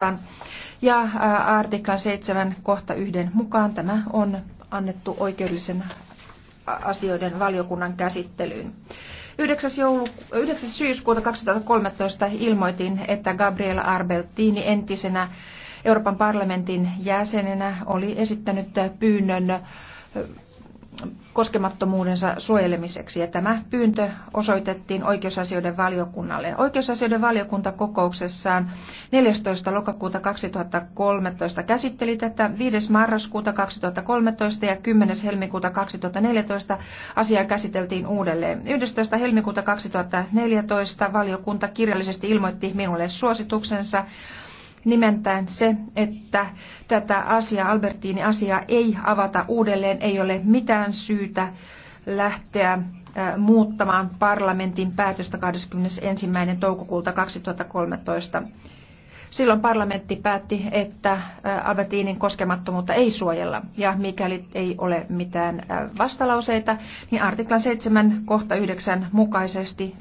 vastaan. Ja artiklan 7 kohta 1 mukaan tämä on annettu oikeudellisen asioiden valiokunnan käsittelyyn. 9. Joulu, 9. syyskuuta 2013 ilmoitin, että Gabriela Arbeltini entisenä Euroopan parlamentin jäsenenä oli esittänyt pyynnön koskemattomuudensa suojelemiseksi. Ja tämä pyyntö osoitettiin oikeusasioiden valiokunnalle. Oikeusasioiden valiokunta kokouksessaan 14. lokakuuta 2013 käsitteli tätä 5. marraskuuta 2013 ja 10. helmikuuta 2014 asiaa käsiteltiin uudelleen. 11. helmikuuta 2014 valiokunta kirjallisesti ilmoitti minulle suosituksensa nimentään se, että tätä asia Albertiini asiaa ei avata uudelleen, ei ole mitään syytä lähteä äh, muuttamaan parlamentin päätöstä 21. toukokuuta 2013. Silloin parlamentti päätti, että äh, Albertinin koskemattomuutta ei suojella, ja mikäli ei ole mitään äh, vastalauseita, niin artiklan 7 kohta 9 mukaisesti